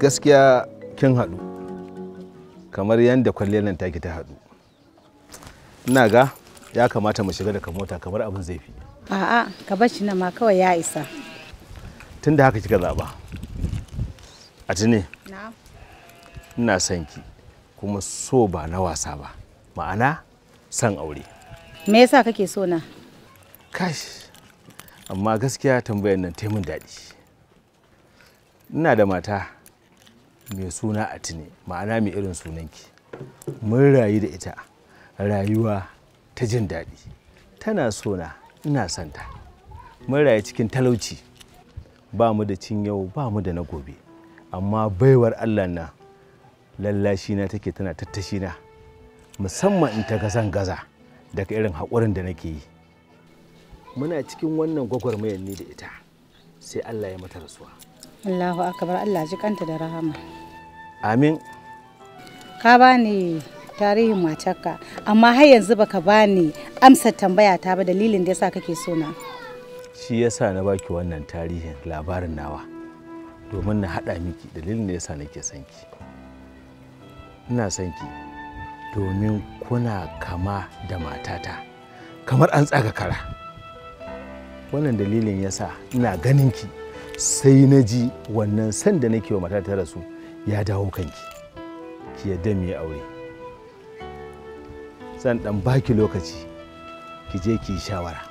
gaskiya kin haɗu kamar yadda kwalliyar nan take ta haɗu ina ga ya kamata mu shiga daga mota kamar abin zai fi a'a ka bar shi na ma kawai ya isa Tunda haka kika zaba a tuni ina son ki kuma so ba na wasa ba ma'ana son aure me yasa kake so na kash amma gaskiya tambayar nan ta mun daɗi ina da mata mai suna a tuni ma'ana mai irin sunanki mun rayu da ita rayuwa ta jin daɗi tana sona ina santa mun rayu cikin talauci ba mu da cin yau ba mu da na gobe amma baiwar allah na lallashi na take tana tattashi na musamman in ta gazan gaza daga irin haƙurin da nake yi muna cikin wannan gwagwarmayar ne da ita sai allah ya mata rasuwa allahu akbar allah ji kanta da rahama amin ka bani tarihin matarka amma har yanzu baka bani amsar tambaya ta ba dalilin da yasa kake so na shi yasa na baki wannan tarihin labarin nawa domin na hada miki dalilin da yasa nake sanki ina son ki domin kuna kama da matata kamar an tsaga kara wannan dalilin yasa ina ganin ki sai na ji wannan sanda nake wa matata rasu ya dawo kanki ki yadda mu yi aure zan dan baki lokaci ki je ki shawara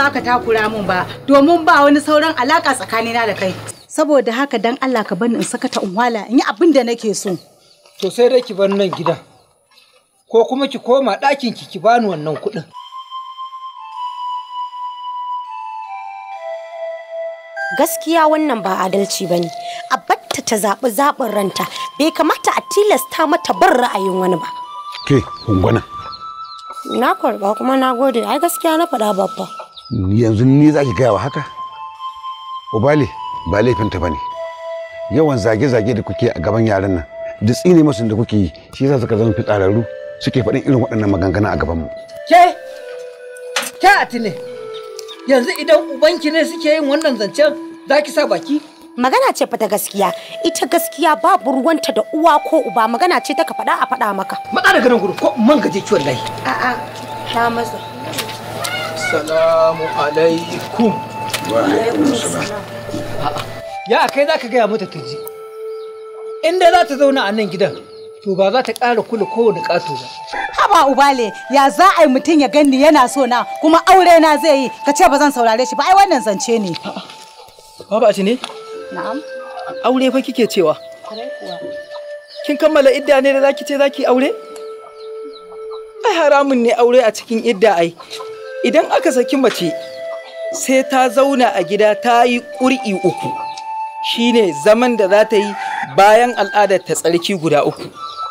za ka takura mun ba domin ba wani sauran alaka tsakanina da kai. Saboda haka dan Allah ka bani in saka ta unwala in yi abin da nake so. To sai dai ki bar nan gida Ko kuma ki koma ɗakin ki ki bani wannan kuɗin. Gaskiya wannan ba adalci ba ne. A ta zaɓi zaɓin ranta bai kamata a tilasta mata bar ra'ayin wani ba. Ke, ungwana. na karba kuma na gode ai gaskiya na faɗa babba yanzu ni za ki gaya wa haka ubali ba laifinta ba ne yawan zage-zage da kuke a gaban yaran nan da tsine musu da kuke yi shi yasa suka zama fitsararru suke faɗin irin waɗannan maganganu a gabanmu ke ke atile yanzu idan ubanki ne suke yin wannan zancen za ki sa baki magana ce fa ta gaskiya ita gaskiya babu ruwanta da uwa ko uba magana ce ta ka faɗa a faɗa maka matsa daga nan gudu ko man gaje kiwon layi a'a ta masa. Assalamu alaikum. Wa alaikum Ya kai za ka gaya mata ta ji. Inda za ta zauna a nan gidan, to ba za ta ƙara kula kowane ƙato ba. Haba Ubale, ya za a yi mutum ya ganni yana so na kuma aure na zai yi, ka ce ba zan saurare shi ba, ai wannan zance ne. Baba ce ne? Na'am. Aure fa kike cewa? Kin kammala idda ne da zaki ce zaki aure? Ai haramun ne aure a cikin idda ai. idan aka saki mace sai ta zauna a gida ta yi ƙuri'i uku shine zaman da za ta yi bayan al'adar ta tsarki guda uku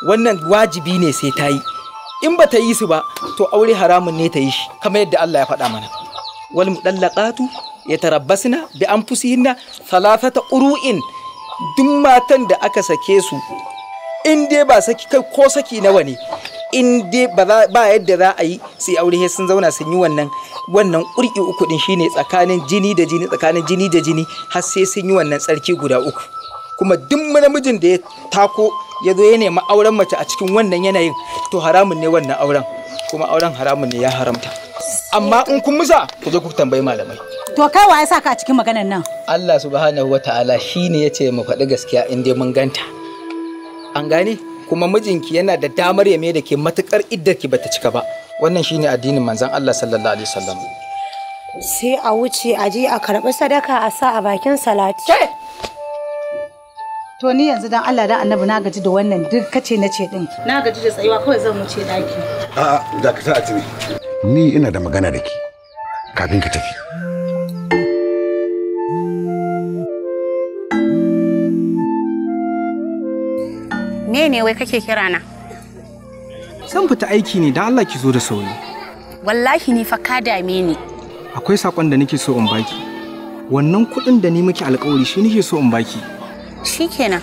wannan wajibi ne sai ta yi in ba ta yi su ba to aure haramun ne ta yi shi kamar yadda Allah ya faɗa mana wal mudallaqatu yatarabbasna bi anfusihinna thalathata uru'in duk matan da aka sake su in dai ba saki kai ko saki nawa ne in dai ba yadda za a yi sai aure sun zauna sun yi wannan wannan ƙurƙi uku din shine tsakanin jini da jini tsakanin jini da jini har sai sun yi wannan tsarki guda uku kuma duk namijin da ya tako ya zo ya nemi auren mace a cikin wannan yanayin to haramun ne wannan auren kuma auren haramun ne ya haramta amma in kun musa ku je ku tambayi malamai to kai wa ya saka a cikin maganar nan Allah subhanahu wataala shine yace mu faɗi gaskiya in dai mun ganta an gane kuma mijinki yana da damar ya mai da ke matukar iddarki ta cika ba wannan shine addinin manzon Allah sallallahu alaihi wasallam sai a wuce a je a karɓi sadaka a sa a bakin salati to ni yanzu dan Allah dan annabi na gaji da wannan duk kace na ce din na gaji da tsayuwa kawai zan wuce daki a'a dakata a tuni ni ina da magana da ki kafin ka tafi ne wai kake kira na? Zan fita aiki ne dan Allah ki zo da sauri. Wallahi ni fa ka dame ni. Akwai sakon da nake so in baki. Wannan kuɗin da ni miki alƙawari shi nake so in baki. Shikenan.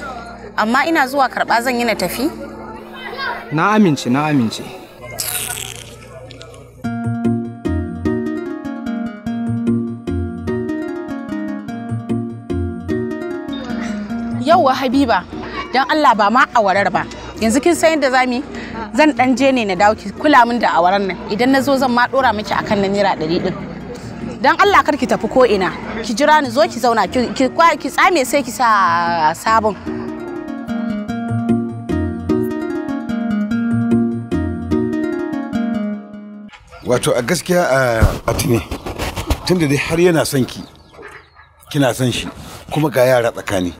Amma ina zuwa karɓa zan yi na tafi? Na amince, na amince. Yauwa Habiba, don Allah ba ma awarar ba yanzu kin san yadda zamu zan dan je ne na dawo ki kula min da awarar nan idan na zo zan ma dora miki akan na naira ɗari din dan Allah kar ki tafi ko ina ki jira ni zo ki zauna ki tsame sai ki sa sabon wato a gaskiya a tuni tunda dai har yana son ki kina son shi kuma ga yara tsakani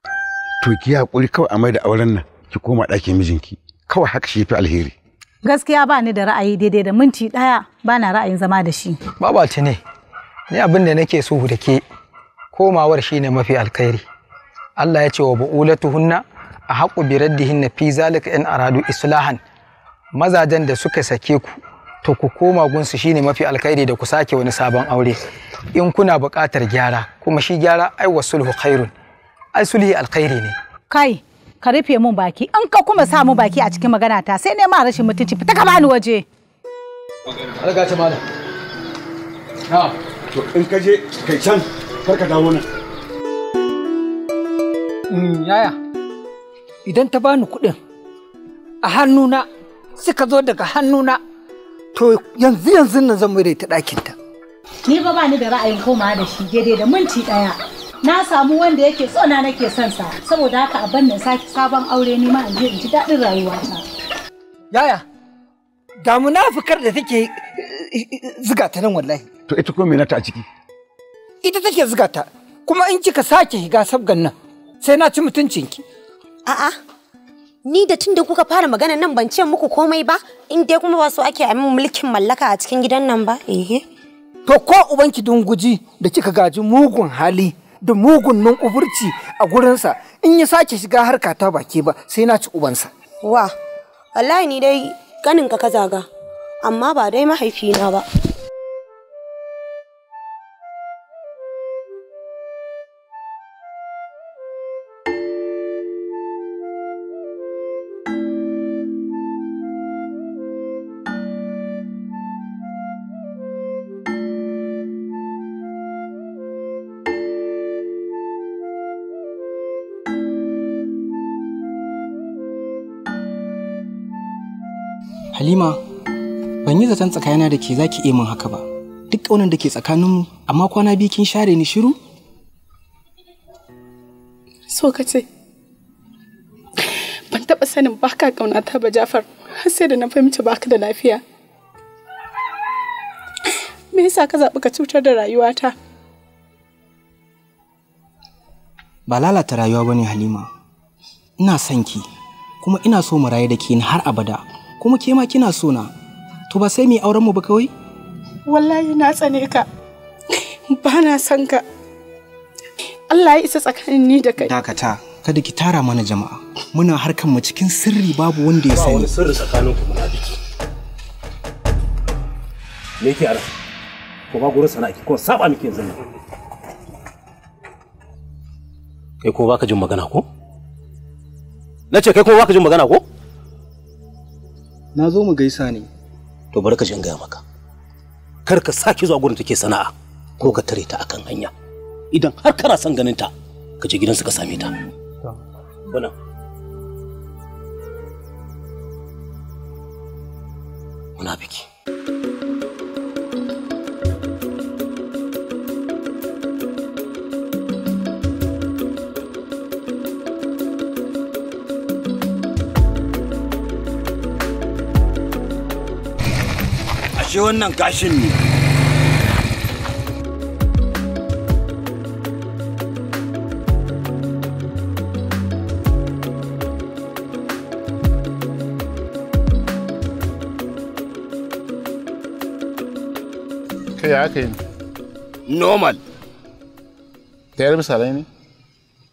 to ki hakuri kawai a mai da auren nan ki koma daki mijinki kawai haka shi fi alheri gaskiya ba ni da ra'ayi daidai da minti ɗaya ba na ra'ayin zama da shi Ba ne ni abin da nake so da ke komawar shine mafi alkhairi Allah ya ce wa hunna a haƙu bi raddihinna fi zalika in aradu islahan mazajen da suka sake ku to ku koma gunsu shine mafi alkhairi da ku sake wani sabon aure in kuna buƙatar gyara kuma shi gyara ai wasulhu khairun ai sulhi alkhairi ne kai ka rufe mun baki in ka kuma sa mun baki a cikin magana ta sai ne ma rashin mutunci fita ka bani waje alga ta malam na to in ka je kai can kar ka dawo nan mm, yaya idan ta bani kuɗin a hannuna suka zo daga hannuna to yanzu yanzu nan zan mai ta ɗakinta. Ni ba ba ni da ra'ayin komawa da shi daidai da minti ɗaya. na samu wanda yake so na nake son sa saboda haka a bannin saki sabon aure ni ma in je in ji rayuwa ta yaya ga munafikar da take eh, eh, ziga ta nan wallahi to ita kuma menata a ciki ita take ziga ta kuma in kika sake higa sabgan nan sai na ci mutuncinki a'a ni da tunda kuka fara magana nan ban ce muku komai ba in dai kuma ba so ake a min mulkin mallaka a cikin gidan nan ba eh to ko ubanki dunguji da kika gaji mugun hali da mugun numfurci a gurinsa in ya sake shiga harka ta baki ba sai na ci ubansa. Wa, wallahi ni dai ganin ka zaga, amma ba dai mahaifina ba. Halima, ban yi zaton tsakanina da ke za ki min haka ba. Duk ƙaunar da ke tsakaninmu, amma kwana biyu kin share ni shiru? So ka ce, ban taɓa sanin ba ka ƙaunata ba Jafar, har sai da na fahimci ba da lafiya. Me yasa ka zaɓi ka cutar da rayuwata? Ba lalata rayuwa ba ne Halima, ina son ki, kuma ina so mu rayu da ke har abada. kuma ke ma kina so na to ba sai mu auren mu ba kawai wallahi na tsane ka ba na san ka Allah ya isa tsakanin ni da kai dakata kada ki tara mana jama'a muna harkan mu cikin sirri babu wanda ya sani ba wani sirri tsakanin ku muna biki me yake ara ko ba gurin sana'a ki ko saba miki yanzu kai ko baka jin magana ko na ce kai kuma baka jin magana ko Na zo mu gaisa ne. To barka ka jin gaya maka. Kar ka sake zuwa gurin take sana'a ko ka tare ta akan hanya. Idan har kana son ganin ta, ka je gidansu ka same ta. Bana. Muna biki. ce wannan kashin ne kai ya aka yi normal ta yi misalai ne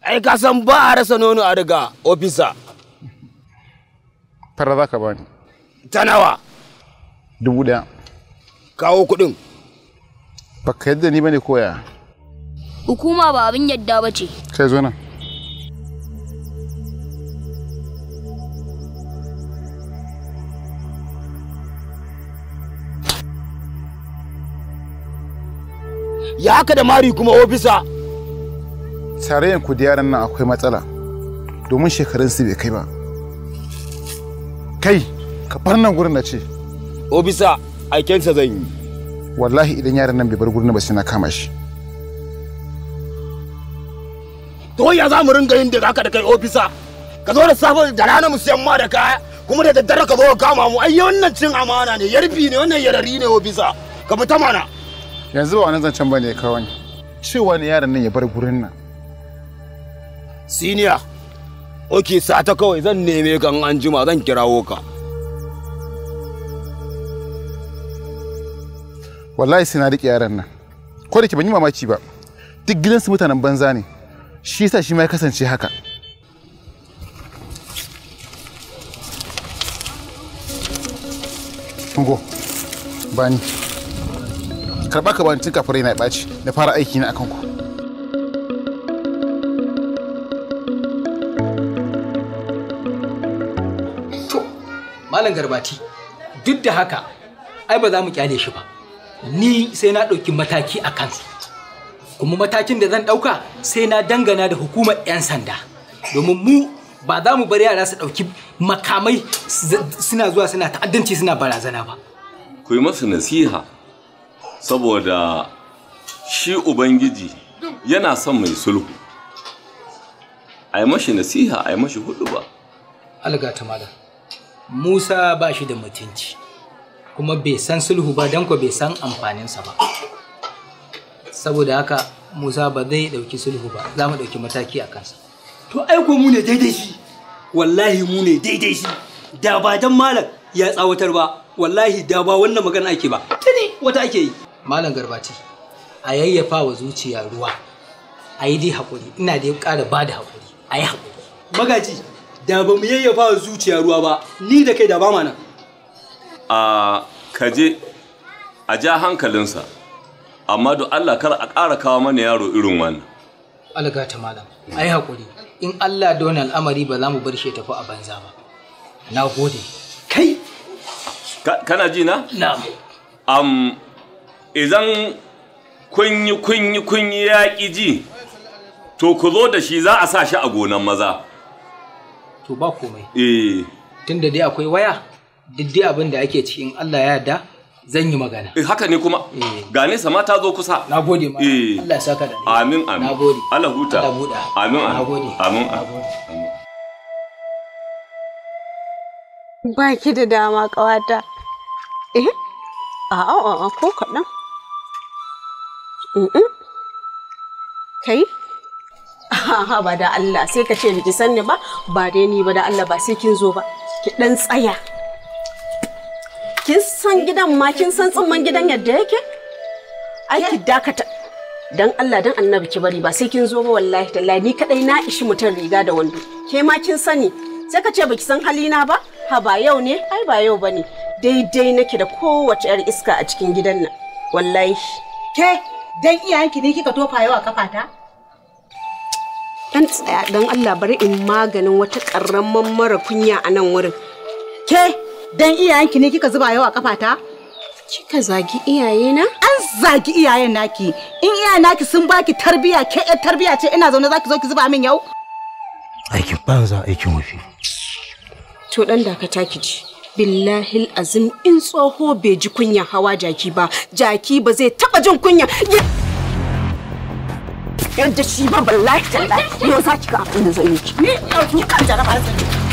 ai ka san ba a rasa nono a daga ofisa fara za ka bani ta nawa dubu daya kawo kuɗin baka yadda ni bane koya hukuma ba abin yadda ba ce kai zo nan ya haka da mari kuma ofisa tarayyar ku da yaran nan akwai matsala domin shekarun su bai kai ba kai ka bar nan gurin na ce ofisa aikensa zan yi wallahi idan yaran nan bai bar gurin ba sai na kama shi to ya za mu ringa yin da ka da kai ofisa ka zo da safe da rana mu siyan ma da kaya kuma da daddare ka zo ka kama mu ai wannan cin amana ne yarfi ne wannan yarari ne ofisa ka fita mana yanzu ba wannan can bane kawai cewa ne yaran nan ya bar gurin nan siniya oke sata kawai zan neme kan anjima zan kirawo ka wallahi sai na riƙe yaran nan ko da ke ban yi mamaki ba duk gidansu mutanen banza ne shi yasa shi ma ya kasance haka Tungo, bani. Karɓa ka bani tun kafin raina ya ɓaci na fara aiki na akan ku. To, Malam Garbati, duk da haka, ai ba za mu kyale shi ba. ni sai na ɗauki mataki a kansu kuma matakin da zan ɗauka sai na dangana da hukumar 'yan sanda domin mu ba za mu bari yara su ɗauki makamai suna zuwa suna ta'addanci suna barazana ba ku yi masa nasiha saboda shi ubangiji yana son mai sulhu a yi mashi nasiha a yi mashi hudu ba alga ta malam musa ba shi da mutunci kuma bai san sulhu ba don ko bai san amfaninsa ba saboda haka musa ba zai ɗauki sulhu ba za mu ɗauki mataki a kansa to ai ko mu ne daidai shi wallahi mu ne daidai shi da ba dan malam ya tsawatar ba wallahi da ba wannan magana ake ba tuni wata ake yi malam garbati a yayyafa wa zuciya ruwa a yi dai haƙuri ina dai ƙara ba da haƙuri a yi haƙuri magaji da ba mu yayyafa wa zuciya ruwa ba ni da kai da ba ma nan a kaje a ja hankalinsa amma don Allah kar a ƙara kawo mana yaro irin wannan alga ta malam ai hakuri in Allah da wani al'amari ba za mu bar shi tafi a banza ba na gode kai kana ji na na'am am idan kun yi kun yi kun yi yaƙi ji to ku zo da shi za a sa shi a gonan maza to ba komai eh tunda dai akwai waya diddi abin da ake cikin Allah ya yarda zan yi magana. Eh haka ne kuma. Eh. Ga nesa ma ta zo kusa. Na gode ma. Eh. Allah ya saka da. ni. Amin amin. Na gode. Allah huta. Allah huta. Amin amin. Na gode. Amin amin. Ba ki da dama kawata. Eh? A'a a'a ko kaɗan. Kai? Ha ba da Allah sai ka ce ni ki sanni ba ba dai ni ba da Allah ba sai kin zo ba ki dan tsaya. Kin san gidan ma kin san tsimman gidan yadda yake? Ai ki dakata. Dan Allah dan Annabi ki bari ba sai kin zo ba wallahi tallahi ni kadai na ishi mutum riga da wando. Ke ma kin sani sai ka ce baki san halina ba? Ha ba yau ne? Ai ba yau bane. Daidai nake da kowace yar iska a cikin gidan nan. Wallahi. Ke dan iyayenki ne kika tofa yawa kafata? Dan tsaya dan Allah bari in maganin wata ƙarramar mara kunya a nan wurin. Ke Dan iyayenki ne kika zuba yawa kafata? Kika zagi iyayena? An zagi iyayen naki. In iyayen naki sun baki tarbiya, ke yar tarbiya ce ina zaune zaki zo ki zuba min yau? Aikin banza aikin wafi. To dan dakata ki ji. Billahi azim in tsoho bai ji kunya hawa jaki ba, jaki ba zai taba jin kunya. Yadda shi ba ballahi tallahi yau za ki ga abin da zai Ni ɗauki kan jaraba zai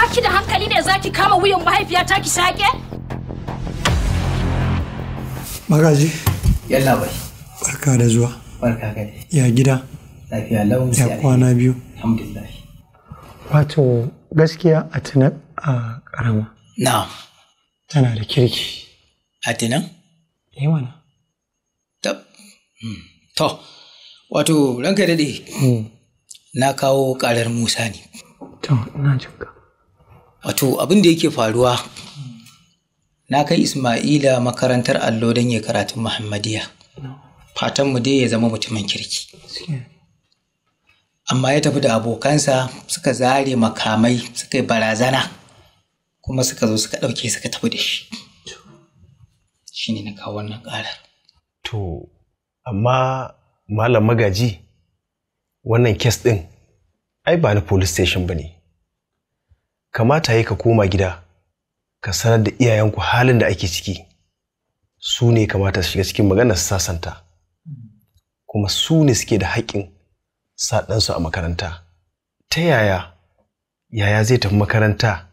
baki da hankali ne zaki kama wuyan mahaifiyata ki sake? Magaji. Yalla bai. Barka da zuwa. Barka gani. Ya gida. Lafiya lau Ya kwana biyu. Alhamdulillah. Wato gaskiya a tuna a karama. Na. Tana da kirki. A tana. Eh mana. Tab. Hmm. To. Wato ranka daɗe. Hmm. Na kawo ƙarar Musa ne. To, ina jinka. wato abin da yake faruwa na kai ismaila makarantar allo don ya karatun muhammadiya fatanmu dai ya zama mutumin kirki amma ya tafi da abokansa suka zare makamai suka yi barazana kuma suka zo suka ɗauke suka tafi da shi shi ne na kawo wannan ƙarar to amma malam magaji wannan kes ɗin ai ba na police station ba ne kamata yi ka koma gida ka sanar da iyayenku halin da ake ciki su ne kamata su shiga cikin maganar sasanta kuma su ne suke da haƙƙin sa ɗansu a makaranta ta yaya yaya zai tafi makaranta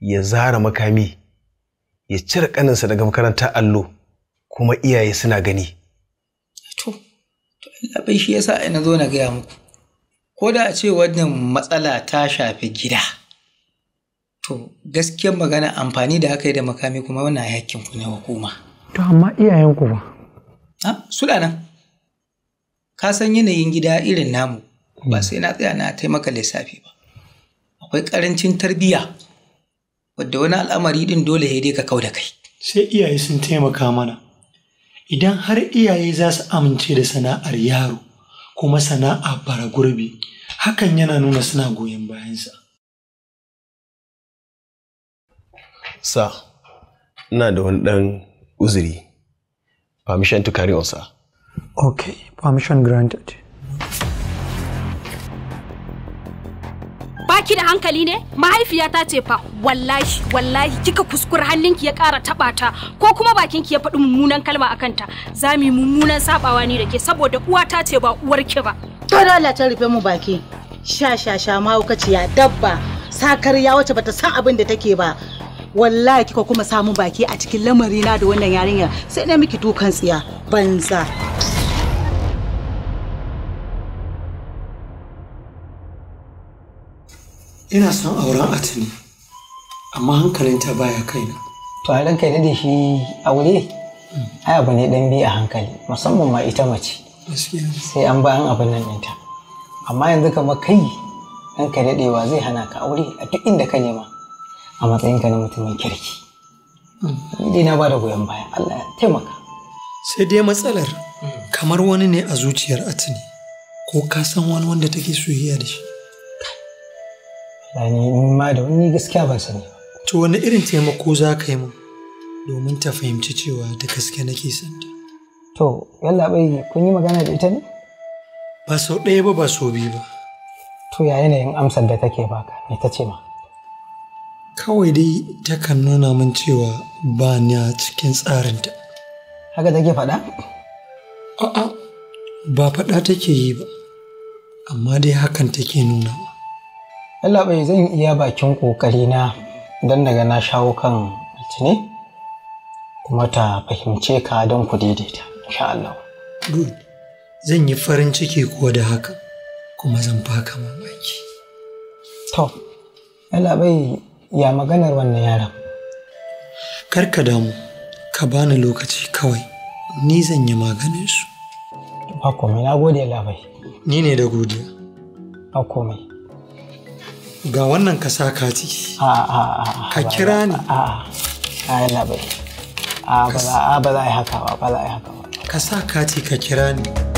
ya zara makami ya cire ƙaninsa daga makarantar allo kuma iyaye suna gani to bai shi yasa ina zo na gaya muku ko da a ce wannan matsala ta shafi gida to gaskiyar magana amfani da aka yi da makami kuma wannan yakin ku ne hukuma to amma iyayen ku ba a da nan ka san yanayin gida irin namu ba sai na tsaya na taimaka lissafi ba akwai karancin tarbiyya wadda wani al'amari din dole ya dai ka kau da kai sai iyaye sun taimaka mana idan har iyaye za su amince da sana'ar yaro kuma sana'a bara gurbi hakan yana nuna suna goyon bayansa sir ina da wani dan uzuri permission to carry on sir okay permission granted baki da hankali ne mahaifiyata ce fa wallahi wallahi kika kuskura hannunki ya ƙara taɓa ta ko kuma bakinki ya faɗi mummunan kalma a kanta za mu yi mummunan sabawa ni da ke saboda uwata ce ba uwarki ba to Allah ta rufe mu baki sha sha sha mahaukaciya dabba sakarya wacce bata san abin da take ba wallahi kika kuma samu baki a cikin lamari na da wannan yarinya sai na miki dukan tsiya banza ina son auren atini amma hankalinta baya kaina to a ranka da shi aure ai abu ne dan bi a hankali musamman ma ita mace sai an ba an abin nan ɗinta amma yanzu kamar kai ɗanka daɗewa zai hana ka aure a duk inda ka nema a matsayinka na mutumin kirki ni na ba bada goyon baya Allah ya taimaka sai dai matsalar hmm. kamar wani ne a zuciyar atini ko ka san wani wanda take soyayya da shi Ni ma da wani gaskiya ban sani to wani irin taimako za ka yi min domin ta fahimci cewa da gaske nake santa to yalla bai kun yi magana da ita ne ba sau ɗaya ba ba sau biyu ba to ya yanayin amsar da take baka me ta ce ma kawai dai takan nuna min cewa ba ni cikin tsarinta. Haka take faɗa? A'a, ba faɗa take yi ba, amma dai hakan take nuna. Allah bai zan iya bakin na don daga na shawo kan ne kuma ta fahimce ka don ku daidaita, insha Allah. Good, zan yi farin ciki kuwa da haka, kuma zan baka mamaki. To, Allah bai ya maganar wannan yaran. kar ka damu ka bani lokaci kawai ni zan yi maganin su ba komai na gode labai ni ne da godiya ba komai ga wannan ka sa kati ka kira ni a a labai a ba za a yi haka ba ba za a yi haka ba ka sa kati ka kira ni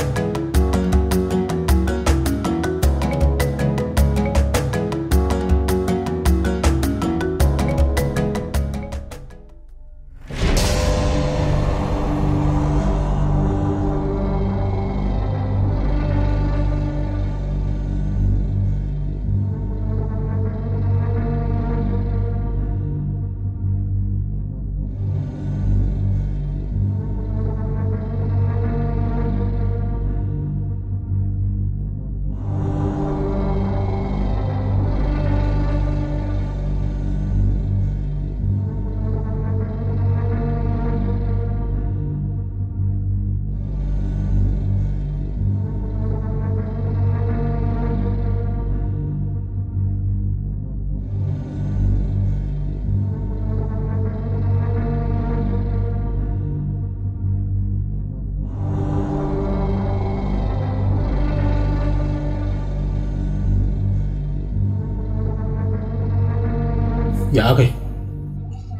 Ya akai?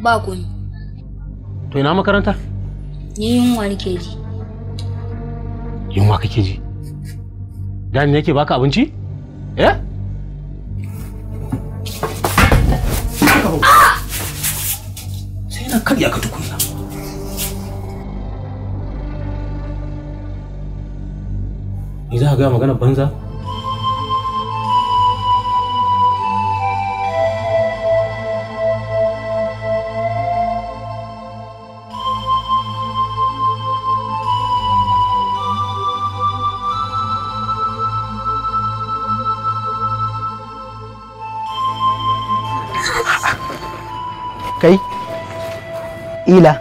Ba kuni. To ina makaranta? Ni yunwa nake ji. Yunwa kake ji? Dani yake baka abinci? Eh? Ah! Sai na karya ka tukunna. Ni za ka gaya magana banza? isra'ila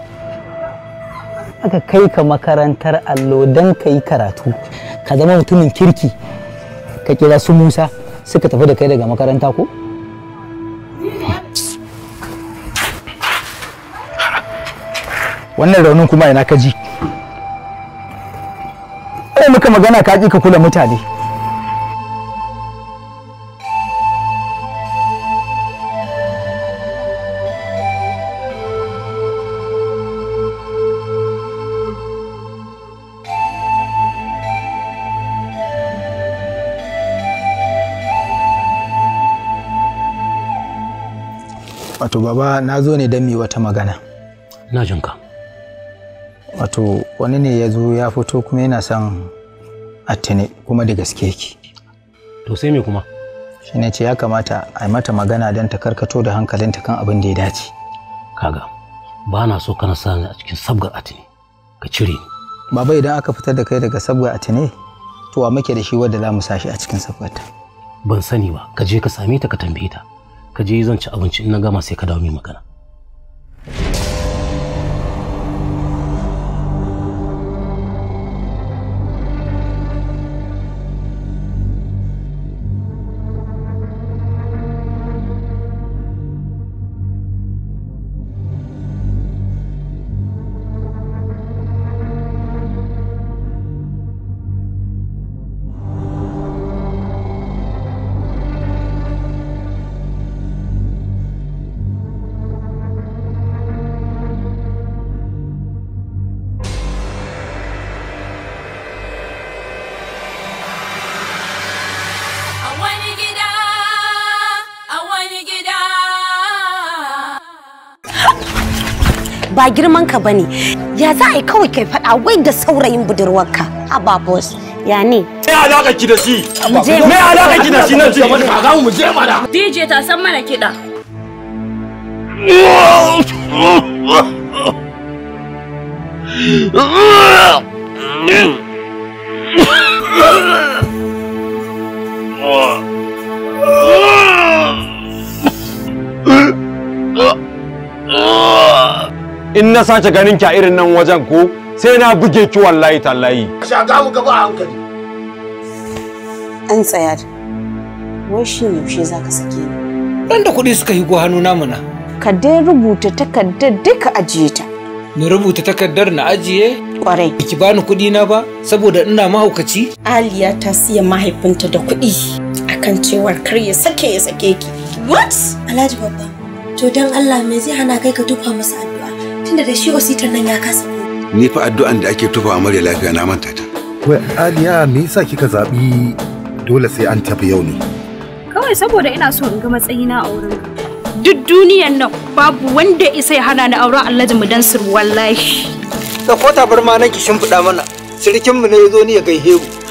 aka kai ka makarantar allo dan ka yi karatu ka zama mutumin kirki ka kira su musa suka tafi da kai daga makaranta ko? wannan raunin kuma ina ka ji muka magana ka ka kula mutane Baba na zo ne dan mi wata magana. Na jinka. Wato wani ne ya zo ya fito kuma yana son attine kuma da gaske yake To sai me kuma? Shi ne ce ya kamata a mata magana don ta karkato da hankalinta kan abin da ya dace. Kaga ba na so kana sa ni a cikin sabgar attine ka cire ni. Baba idan aka fitar da kai daga sabgar attine to wa muke da shi wadda za mu sa a cikin sabgar ta. Ban sani ba ka je ka same ta ka tambaye ta. ka je zan ci abinci in na gama sai ka dawo mai magana haka bane ya za a yi kawai kai faɗa wai da saurayin budurwarka haba boss ya ne me alaka ki da shi me alaka ki da shi nan ce kaga mu je mana DJ ta san mana kiɗa Oh! in na sace ganin ki a irin nan wajen ko sai na buge ki wallahi tallahi shaga mu gaba a hankali an tsaya wai shi yaushe zaka sake ni dan da kuɗi suka yi hannu namu na ka dai rubuta takardar duka ajiye ta ni rubuta takardar na ajiye kwarai ki bani kuɗi na ba saboda ina mahaukaci aliya ta siya mahaifinta da kuɗi akan cewar kar ya sake ya sake ki what alhaji babba to dan Allah me zai hana kai ka tufa masa tunda da shi wasitar nan ya kasa ni fa addu'an da ake tufa mare lafiya na manta ta wai aliya me yasa kika zabi dole sai an tafi yau ne kawai saboda ina so in ga matsayina a wurin duk duniyan nan babu wanda isa ya hana ni auren Alhaji mu sir wallahi da ko tabarma nake shimfiɗa mana mu ne ya zo ni ya kai mu